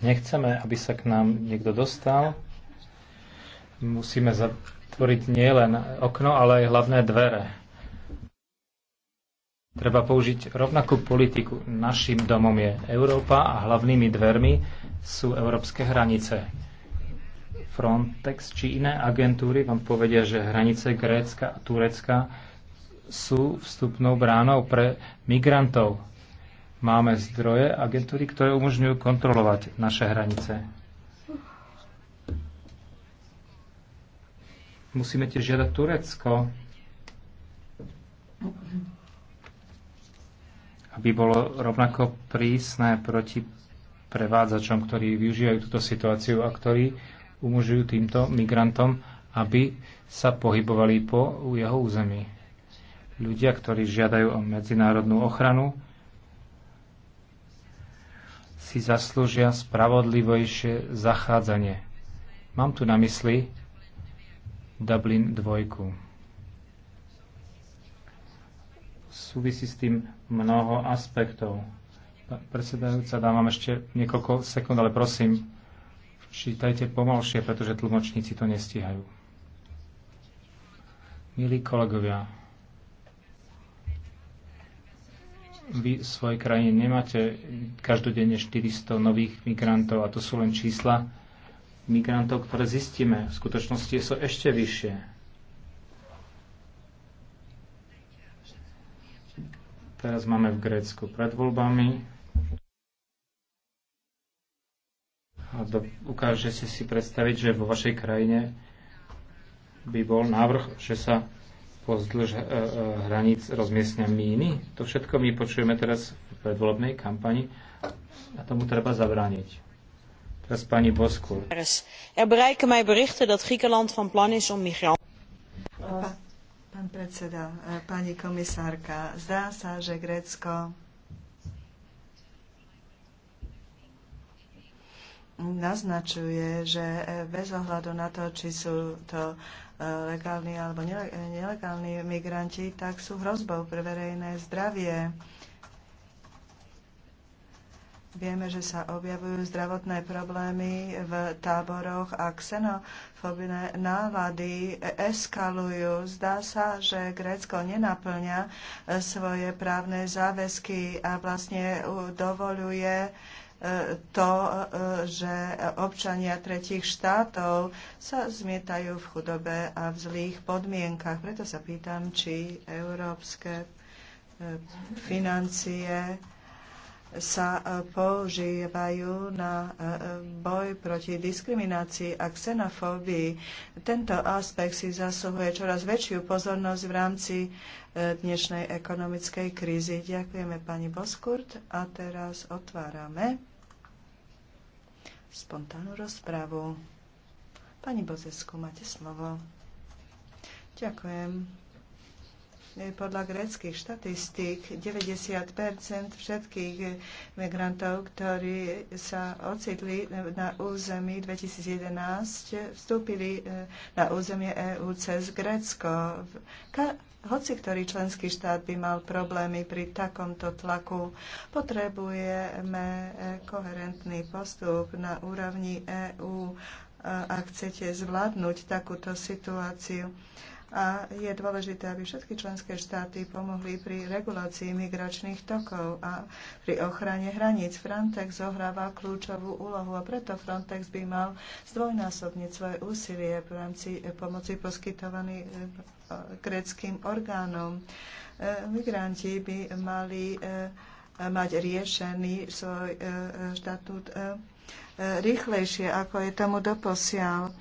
nechceme, aby sa k nám niekto dostal, musíme zatvoriť nielen okno, ale aj hlavné dvere. Treba použiť rovnakú politiku. Našim domom je Európa a hlavnými dvermi sú európske hranice. Frontex či iné agentúry vám povedia, že hranice Grécka a Turecka sú vstupnou bránou pre migrantov. Máme zdroje agentúry, ktoré umožňujú kontrolovať naše hranice. Musíme tiež žiadať Turecko, aby bolo rovnako prísne proti prevádzačom, ktorí využívajú túto situáciu a ktorí umožňujú týmto migrantom, aby sa pohybovali po jeho území. Ľudia, ktorí žiadajú o medzinárodnú ochranu, si zaslúžia spravodlivejšie zachádzanie. Mám tu na mysli Dublin 2. Súvisí s tým mnoho aspektov. Predsedajúca, dám vám ešte niekoľko sekúnd, ale prosím, čítajte pomalšie, pretože tlmočníci to nestíhajú. Milí kolegovia, vy v svojej krajine nemáte každodenne 400 nových migrantov a to sú len čísla migrantov, ktoré zistíme. V skutočnosti sú ešte vyššie. Teraz máme v Grécku pred voľbami. A do, ukážete si predstaviť, že vo vašej krajine by bol návrh, že sa pozdĺž eh, eh, hraníc rozmiestňa míny. To všetko my počujeme teraz v predvolebnej kampani a tomu treba zabrániť. Teraz pani Bosku. Er bereiken mij berichten dat Griekenland van plan is om migranten... Pán predseda, eh, pani komisárka, zdá sa, že Grécko naznačuje, že e, bez ohľadu na to, či sú to e, legálni alebo nelegálni migranti, tak sú hrozbou pre verejné zdravie. Vieme, že sa objavujú zdravotné problémy v táboroch a xenofobné nálady eskalujú. Zdá sa, že Grécko nenaplňa e, svoje právne záväzky a vlastne dovoluje to, že občania tretich štátov sa zmietajú v chudobe a v zlých podmienkach. Preto sa pýtam, či európske eh, financie sa e, používajú na e, e, boj proti diskriminácii a xenofóbii. Tento aspekt si zasluhuje čoraz väčšiu pozornosť v rámci dnešnej ekonomickej krízy. Ďakujeme pani Boskurt a teraz otvárame spontánnu rozpravu. Pani Bozesku, máte slovo. Ďakujem podľa greckých štatistík 90 všetkých migrantov, ktorí sa ocitli na území 2011, vstúpili e, na územie EÚ cez Grécko. Ka- hoci ktorý členský štát by mal problémy pri takomto tlaku, potrebujeme e, koherentný postup na úrovni EÚ, ak chcete zvládnuť takúto situáciu a je dôležité, aby všetky členské štáty pomohli pri regulácii migračných tokov a pri ochrane hraníc. Frontex zohráva kľúčovú úlohu a preto Frontex by mal zdvojnásobniť svoje úsilie v rámci pomoci poskytovaných e, greckým orgánom. E, migranti by mali e, mať riešený svoj štatút rýchlejšie, ako je tomu doposiaľ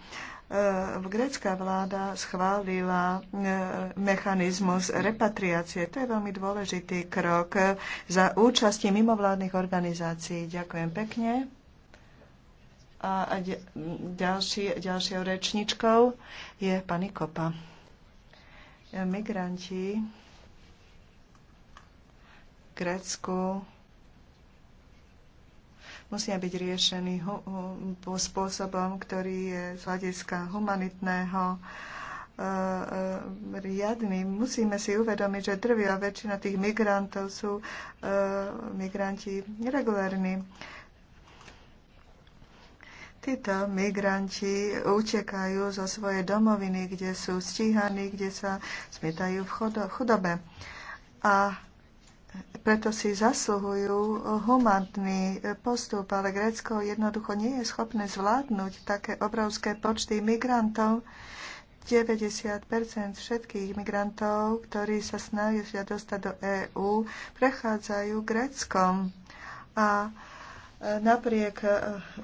Eh, grécka vláda schválila eh, mechanizmus repatriácie. To je veľmi dôležitý krok eh, za účasti mimovládnych organizácií. Ďakujem pekne. A ďalší, ďalšou rečničkou je pani Kopa. Migranti v Grécku musia byť riešení spôsobom, ktorý je z hľadiska humanitného eh, eh, riadny. Musíme si uvedomiť, že drvia väčšina tých migrantov sú eh, migranti regulárni. Títo migranti utekajú zo svojej domoviny, kde sú stíhaní, kde sa smietajú v chudobe. A preto si zasluhujú humantný postup, ale Grécko jednoducho nie je schopné zvládnuť také obrovské počty migrantov. 90 všetkých migrantov, ktorí sa snažia dostať do EÚ, prechádzajú Gréckom. A e, napriek e,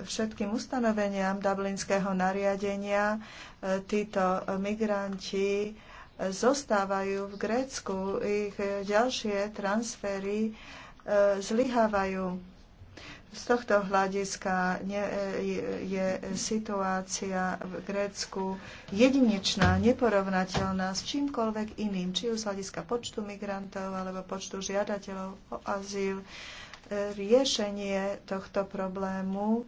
všetkým ustanoveniam dublinského nariadenia e, títo migranti zostávajú v Grécku, ich ďalšie transfery e, zlyhávajú. Z tohto hľadiska e, je situácia v Grécku jedinečná, neporovnateľná s čímkoľvek iným, či už z hľadiska počtu migrantov alebo počtu žiadateľov o azyl. E, riešenie tohto problému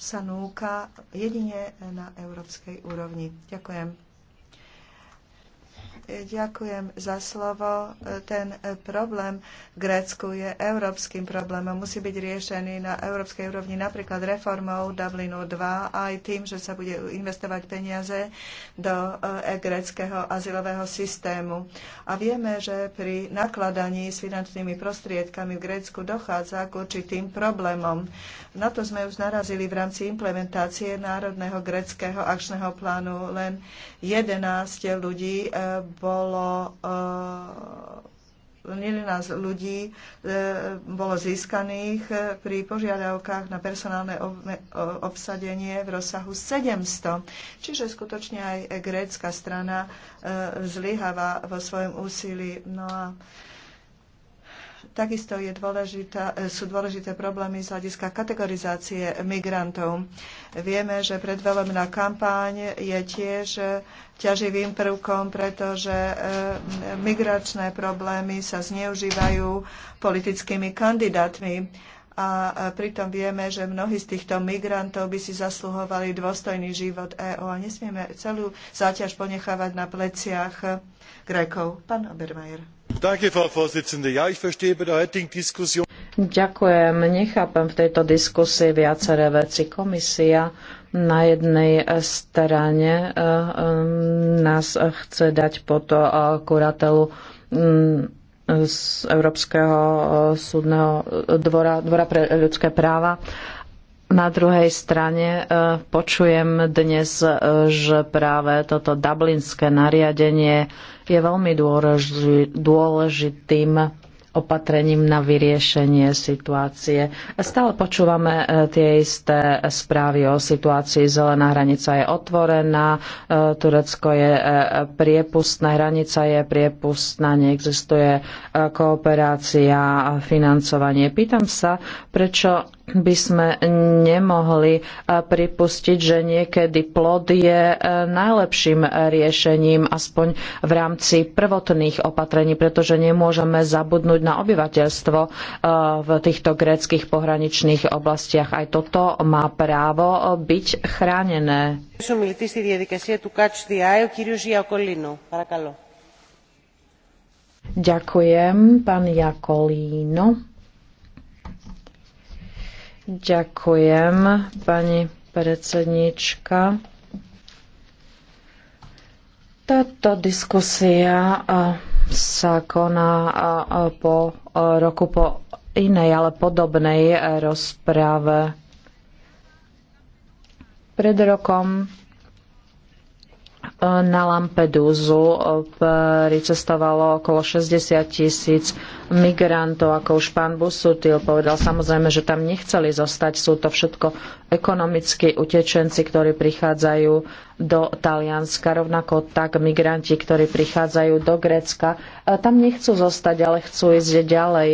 sa núka jedine na európskej úrovni. Ďakujem. Ďakujem za slovo. Ten problém v Grécku je európskym problémom. Musí byť riešený na európskej úrovni napríklad reformou Dublinu 2 aj tým, že sa bude investovať peniaze do e, gréckého azylového systému. A vieme, že pri nakladaní s finančnými prostriedkami v Grécku dochádza k určitým problémom. Na to sme už narazili v rámci implementácie Národného gréckého akčného plánu. Len 11 ľudí e, bolo 11 eh, ľudí eh, bolo získaných eh, pri požiadavkách na personálne obsadenie v rozsahu 700. Čiže skutočne aj grécka strana zlyháva vo svojom úsilí. No a Takisto je dôležitá, e, sú dôležité problémy z hľadiska kategorizácie migrantov. Vieme, že predvolebná kampáň je tiež ťaživým prvkom, pretože e, migračné problémy sa zneužívajú politickými kandidátmi a e, pritom vieme, že mnohí z týchto migrantov by si zasluhovali dôstojný život EÚ a nesmieme celú záťaž ponechávať na pleciach Grékov. Pán Obermajer. Ďakujem. Nechápem v tejto diskusii viaceré veci. Komisia na jednej strane eh, eh, nás chce dať pod eh, kuratelu mm, z Európskeho súdneho dvora, dvora pre ľudské práva na druhej strane e, počujem dnes, e, že práve toto dublinské nariadenie je veľmi dôležitým opatrením na vyriešenie situácie. Stále počúvame e, tie isté správy o situácii. Zelená hranica je otvorená, Turecko je priepustná, hranica je priepustná, neexistuje kooperácia a financovanie. Pýtam sa, prečo by sme nemohli e, pripustiť, že niekedy plod je e, najlepším riešením, aspoň v rámci prvotných opatrení, pretože nemôžeme zabudnúť na obyvateľstvo e, v týchto gréckych pohraničných oblastiach. Aj toto má právo byť chránené. Ďakujem, pán Jakolíno. Ďakujem, pani predsednička. Táto diskusia sa koná po roku po inej, ale podobnej rozprave. Pred rokom na Lampedusu eh, pricestovalo okolo 60 tisíc migrantov, ako už pán Busutil povedal. Samozrejme, že tam nechceli zostať. Sú to všetko ekonomickí utečenci, ktorí prichádzajú do Talianska, rovnako tak migranti, ktorí prichádzajú do Grécka. Eh, tam nechcú zostať, ale chcú ísť ďalej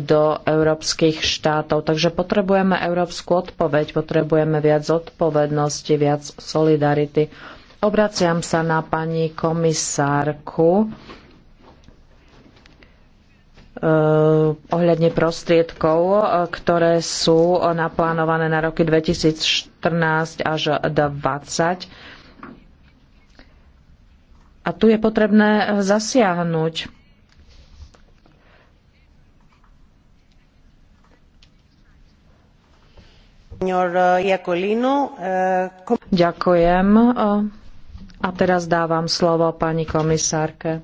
do európskych štátov. Takže potrebujeme európsku odpoveď, potrebujeme viac odpovednosti, viac solidarity Obraciam sa na pani komisárku e, ohľadne prostriedkov, ktoré sú naplánované na roky 2014 až 2020. A tu je potrebné zasiahnuť. Eh, eh, Ďakujem. A teraz dávam slovo pani komisárke.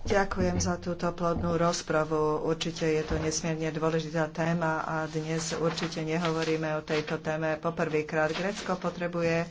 Ďakujem za túto plodnú rozpravu. Určite je to nesmierne dôležitá téma a dnes určite nehovoríme o tejto téme poprvýkrát. Grécko potrebuje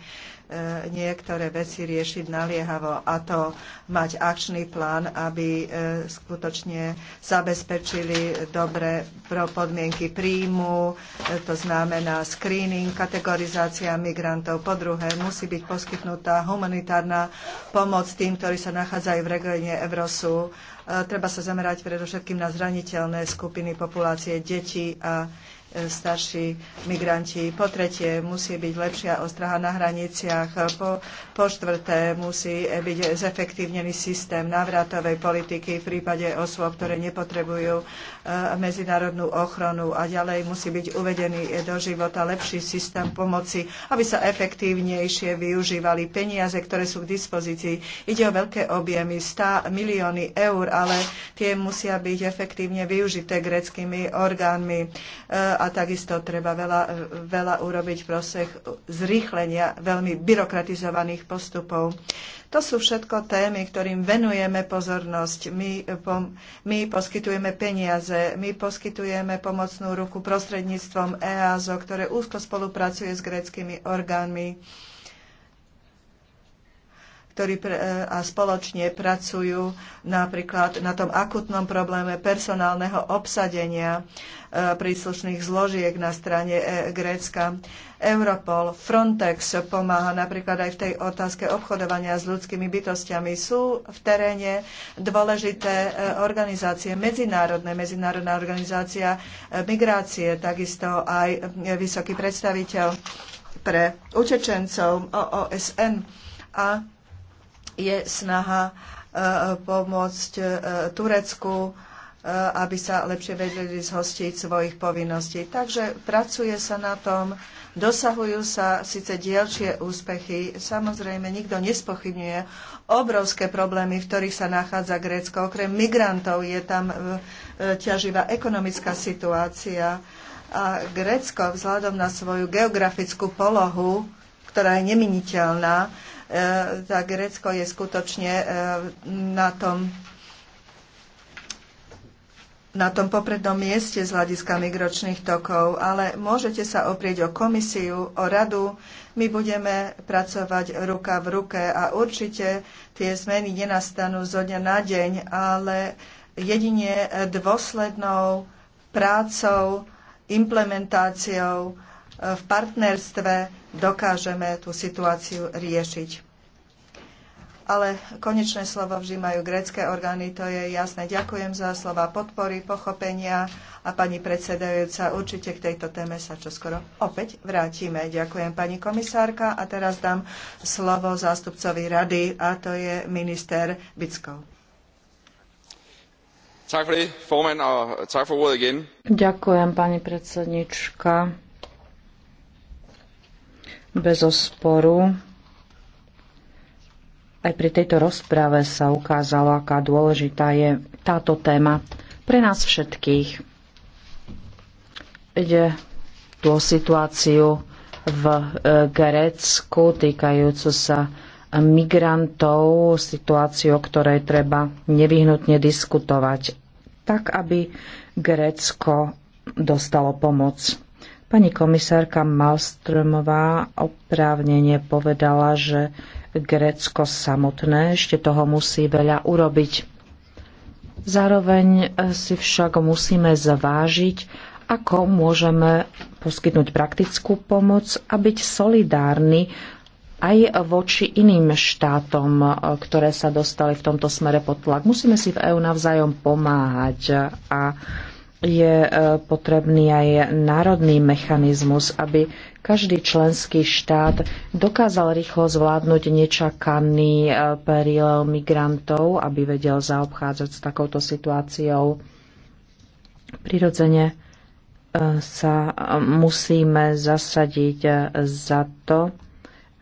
E, niektoré veci riešiť naliehavo a to mať akčný plán, aby e, skutočne zabezpečili dobre podmienky príjmu, e, to znamená screening, kategorizácia migrantov. Po druhé, musí byť poskytnutá humanitárna pomoc tým, ktorí sa nachádzajú v regióne Evrosu. Treba sa zamerať predovšetkým na zraniteľné skupiny populácie detí a starší migranti. Po tretie, musí byť lepšia ostraha na hraniciach. Po, po štvrté, musí byť zefektívnený systém návratovej politiky v prípade osôb, ktoré nepotrebujú e, medzinárodnú ochranu. A ďalej musí byť uvedený do života lepší systém pomoci, aby sa efektívnejšie využívali peniaze, ktoré sú k dispozícii. Ide o veľké objemy, 100 milióny eur, ale tie musia byť efektívne využité greckými orgánmi e, a takisto treba veľa, veľa urobiť v prospech zrýchlenia veľmi byrokratizovaných postupov. To sú všetko témy, ktorým venujeme pozornosť. My, pom, my poskytujeme peniaze, my poskytujeme pomocnú ruku prostredníctvom EASO, ktoré úzko spolupracuje s gréckými orgánmi ktorí e, a spoločne pracujú napríklad na tom akutnom probléme personálneho obsadenia e, príslušných zložiek na strane e, Grécka. Europol, Frontex pomáha napríklad aj v tej otázke obchodovania s ľudskými bytostiami. Sú v teréne dôležité organizácie, medzinárodné, medzinárodná organizácia migrácie, takisto aj vysoký predstaviteľ pre utečencov OSN a je snaha e, pomôcť e, Turecku, e, aby sa lepšie vedeli zhostiť svojich povinností. Takže pracuje sa na tom, dosahujú sa síce dielčie úspechy, samozrejme nikto nespochybňuje obrovské problémy, v ktorých sa nachádza Grécko. Okrem migrantov je tam ťaživá ekonomická situácia a Grécko vzhľadom na svoju geografickú polohu, ktorá je neminiteľná, E, za Grécko je skutočne e, na tom na tom poprednom mieste z hľadiska migračných tokov, ale môžete sa oprieť o komisiu, o radu. My budeme pracovať ruka v ruke a určite tie zmeny nenastanú zo dňa na deň, ale jedine dôslednou prácou, implementáciou v partnerstve dokážeme tú situáciu riešiť. Ale konečné slovo vždy majú grecké orgány, to je jasné. Ďakujem za slova podpory, pochopenia a pani predsedajúca, určite k tejto téme sa čoskoro opäť vrátime. Ďakujem pani komisárka a teraz dám slovo zástupcovi rady a to je minister Bickov. Ďakujem, pani predsednička. Bez osporu aj pri tejto rozprave sa ukázalo, aká dôležitá je táto téma pre nás všetkých. Ide tú situáciu v e, Grécku týkajúcu sa migrantov, situáciu, o ktorej treba nevyhnutne diskutovať, tak aby Grécko dostalo pomoc. Pani komisárka Malströmová oprávnene povedala, že Grécko samotné ešte toho musí veľa urobiť. Zároveň si však musíme zvážiť, ako môžeme poskytnúť praktickú pomoc a byť solidárni aj voči iným štátom, ktoré sa dostali v tomto smere pod tlak. Musíme si v EÚ navzájom pomáhať a je e, potrebný aj národný mechanizmus, aby každý členský štát dokázal rýchlo zvládnuť nečakaný e, perílev migrantov, aby vedel zaobchádzať s takouto situáciou. Prirodzene e, sa musíme zasadiť za to,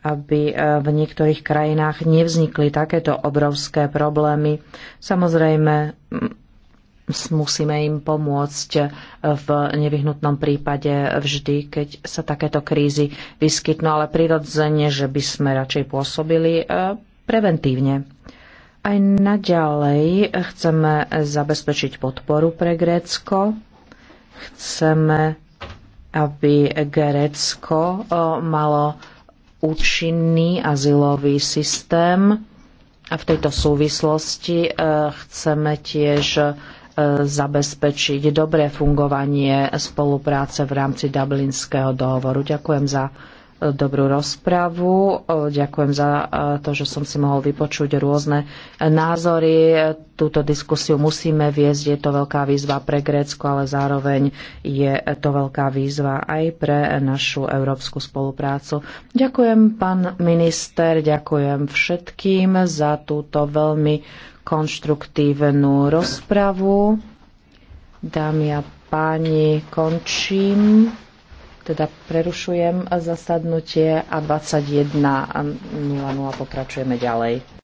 aby v niektorých krajinách nevznikli takéto obrovské problémy. Samozrejme, musíme im pomôcť eh, v nevyhnutnom prípade vždy, keď sa takéto krízy vyskytnú, ale prirodzene, že by sme radšej pôsobili eh, preventívne. Aj naďalej chceme zabezpečiť podporu pre Grécko. Chceme, aby Grécko eh, malo účinný azylový systém. A v tejto súvislosti chceme tiež E, zabezpečiť dobré fungovanie spolupráce v rámci Dublinského dohovoru. Ďakujem za e, dobrú rozpravu. E, ďakujem za to, že som si mohol vypočuť rôzne názory. Túto diskusiu musíme viesť. Je to veľká výzva pre Grécko, ale zároveň je to veľká výzva aj pre našu európsku spoluprácu. Ďakujem, pán minister, ďakujem všetkým za túto veľmi konštruktívnu rozpravu. Dámy a páni, končím, teda prerušujem zasadnutie a 21.00 pokračujeme ďalej.